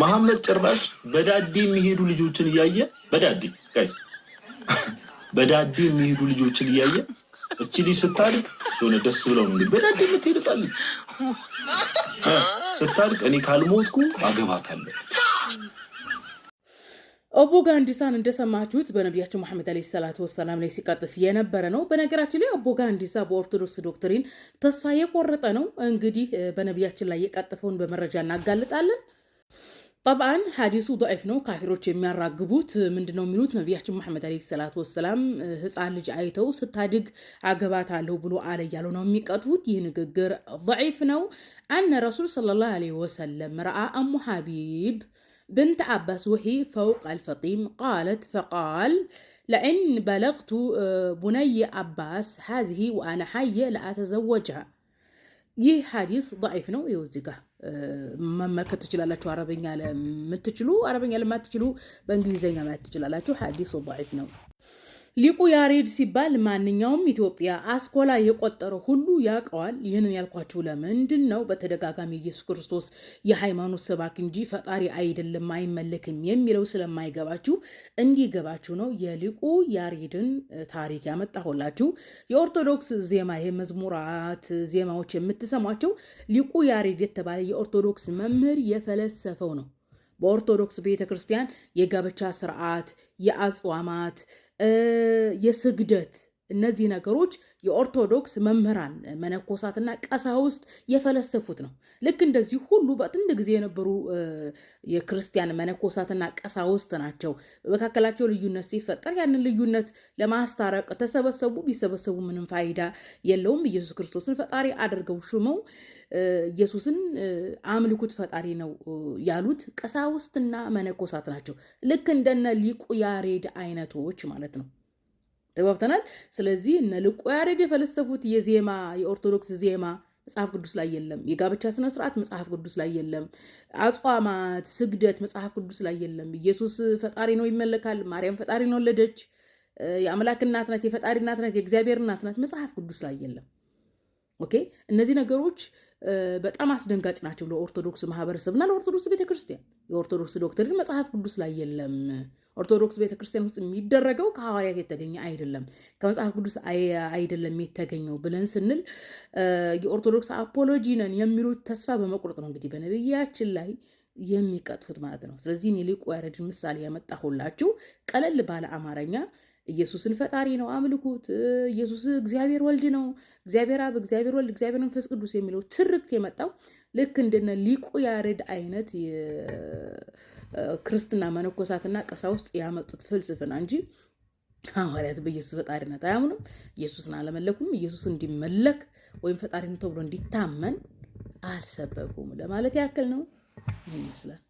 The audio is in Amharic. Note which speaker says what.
Speaker 1: መሐመድ ጭራሽ በዳዴ የሚሄዱ ልጆችን እያየ በዳዴ ጋይስ በዳዴ የሚሄዱ ልጆችን እያየ እቺ ልጅ ስታድግ የሆነ ደስ ብለው ነው እንግዲህ በዳዴ የምትሄድሳለች ስታድግ እኔ ካልሞትኩ አገባታለሁ።
Speaker 2: ኦቦ ጋንዲሳን እንደሰማችሁት በነቢያችን መሐመድ ዓለይሂ ሰላቱ ወሰላም ላይ ሲቀጥፍ የነበረ ነው። በነገራችን ላይ ኦቦ ጋንዲሳ በኦርቶዶክስ ዶክትሪን ተስፋ የቆረጠ ነው። እንግዲህ በነቢያችን ላይ የቀጥፈውን በመረጃ እናጋልጣለን። ጠብአን ሀዲሱ ዶዒፍ ነው። ካፊሮች የሚያራግቡት ምንድን ነው የሚሉት ነቢያችን መሐመድ ዓለይሂ ሰላቱ ወሰላም ህፃን ልጅ አይተው ስታድግ አገባታለሁ ብሎ አለ እያሉ ነው የሚቀጥፉት። ይህ ንግግር ዶዒፍ ነው። አነ ረሱል ሰለላሁ ዓለይሂ ወሰለም ረአ አሙ ሀቢብ ብንተ አባስ ውሒ ፈውቅ አልፈጢም ቃለት ፈቃል ለእን በለቅቱ ቡነይ አባስ ሀዝሂ ወአነ ሐየ ለአተዘወጅሃ። ይህ ሀዲስ ዶዒፍ ነው። ይኸው እዚህ ጋር መመልከት ትችላላችሁ። አረበኛ ለምትችሉ አረበኛ ለማትችሉ በእንግሊዝኛ ማየት ትችላላችሁ። ሐዲሱ ባዒፍ ነው። ሊቁ ያሬድ ሲባል ማንኛውም ኢትዮጵያ አስኮላ የቆጠረ ሁሉ ያውቀዋል። ይህንን ያልኳችሁ ለምንድን ነው? በተደጋጋሚ ኢየሱስ ክርስቶስ የሃይማኖት ሰባክ እንጂ ፈጣሪ አይደለም አይመለክም የሚለው ስለማይገባችሁ እንዲገባችሁ ነው የሊቁ ያሬድን ታሪክ ያመጣሁላችሁ። የኦርቶዶክስ ዜማ የመዝሙራት ዜማዎች የምትሰሟቸው ሊቁ ያሬድ የተባለ የኦርቶዶክስ መምህር የፈለሰፈው ነው። በኦርቶዶክስ ቤተ ክርስቲያን የጋብቻ ስርዓት፣ የአጽዋማት የስግደት እነዚህ ነገሮች የኦርቶዶክስ መምህራን መነኮሳትና ቀሳውስት የፈለሰፉት ነው። ልክ እንደዚህ ሁሉ በጥንት ጊዜ የነበሩ የክርስቲያን መነኮሳትና ቀሳውስት ናቸው። በመካከላቸው ልዩነት ሲፈጠር ያንን ልዩነት ለማስታረቅ ተሰበሰቡ። ቢሰበሰቡ ምንም ፋይዳ የለውም። ኢየሱስ ክርስቶስን ፈጣሪ አድርገው ሹመው ኢየሱስን አምልኩት ፈጣሪ ነው ያሉት ቀሳውስትና መነኮሳት ናቸው። ልክ እንደነ ሊቁ ያሬድ አይነቶች ማለት ነው። ተግባብተናል። ስለዚህ እነ ሊቁ ያሬድ የፈለሰፉት የዜማ የኦርቶዶክስ ዜማ መጽሐፍ ቅዱስ ላይ የለም። የጋብቻ ስነ ስርዓት መጽሐፍ ቅዱስ ላይ የለም። አጽዋማት፣ ስግደት መጽሐፍ ቅዱስ ላይ የለም። ኢየሱስ ፈጣሪ ነው ይመለካል። ማርያም ፈጣሪ ነው ወለደች፣ የአምላክ እናት ናት፣ የፈጣሪ እናት ናት፣ የእግዚአብሔር እናት ናት መጽሐፍ ቅዱስ ላይ የለም። ኦኬ እነዚህ ነገሮች በጣም አስደንጋጭ ናቸው ለኦርቶዶክስ ማህበረሰብና ለኦርቶዶክስ ቤተክርስቲያን። የኦርቶዶክስ ዶክትሪን መጽሐፍ ቅዱስ ላይ የለም። ኦርቶዶክስ ቤተክርስቲያን ውስጥ የሚደረገው ከሐዋርያት የተገኘ አይደለም፣ ከመጽሐፍ ቅዱስ አይደለም የተገኘው ብለን ስንል የኦርቶዶክስ አፖሎጂ ነን የሚሉት ተስፋ በመቁረጥ ነው እንግዲህ በነብያችን ላይ የሚቀጥፉት ማለት ነው። ስለዚህ እኔ ሊቁ ምሳሌ ያመጣሁላችሁ ቀለል ባለ አማርኛ ኢየሱስን ፈጣሪ ነው አምልኩት፣ ኢየሱስ እግዚአብሔር ወልድ ነው፣ እግዚአብሔር አብ፣ እግዚአብሔር ወልድ፣ እግዚአብሔር መንፈስ ቅዱስ የሚለው ትርክት የመጣው ልክ እንደነ ሊቁ ያሬድ አይነት የክርስትና መነኮሳትና ቀሳውስት ያመጡት ፍልስፍና እንጂ ሐዋርያት በኢየሱስ ፈጣሪነት አያምኑም። ኢየሱስን አለመለኩም። ኢየሱስ እንዲመለክ ወይም ፈጣሪ ነው ተብሎ እንዲታመን አልሰበኩም። ለማለት ያክል ነው። ይመስላል